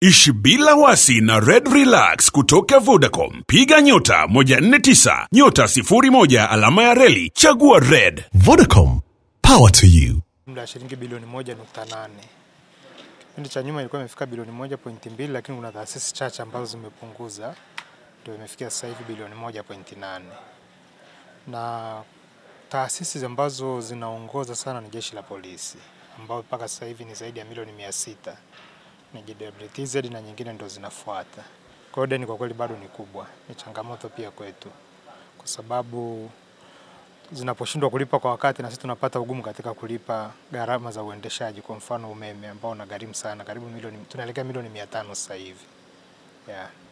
Ishi bila wasi na Red Relax kutoka Vodacom. Piga nyota 149 nyota 01 alama ya reli chagua Red. Vodacom, power to you. Jumla ya shilingi bilioni 1.8. Kipindi cha nyuma ilikuwa imefika bilioni 1.2, lakini kuna taasisi chache ambazo zimepunguza, ndio imefikia sasa hivi bilioni 1.8. Na taasisi ambazo zinaongoza sana ni jeshi la polisi, ambao mpaka sasa hivi ni zaidi ya milioni 600 ni JWTZ na nyingine ndo zinafuata. Kwa hiyo deni kwa kweli bado ni kubwa, ni changamoto pia kwetu, kwa sababu zinaposhindwa kulipa kwa wakati na sisi tunapata ugumu katika kulipa gharama za uendeshaji, kwa mfano umeme ambao unagharimu sana, karibu milioni tunaelekea milioni mia tano sasa hivi yeah.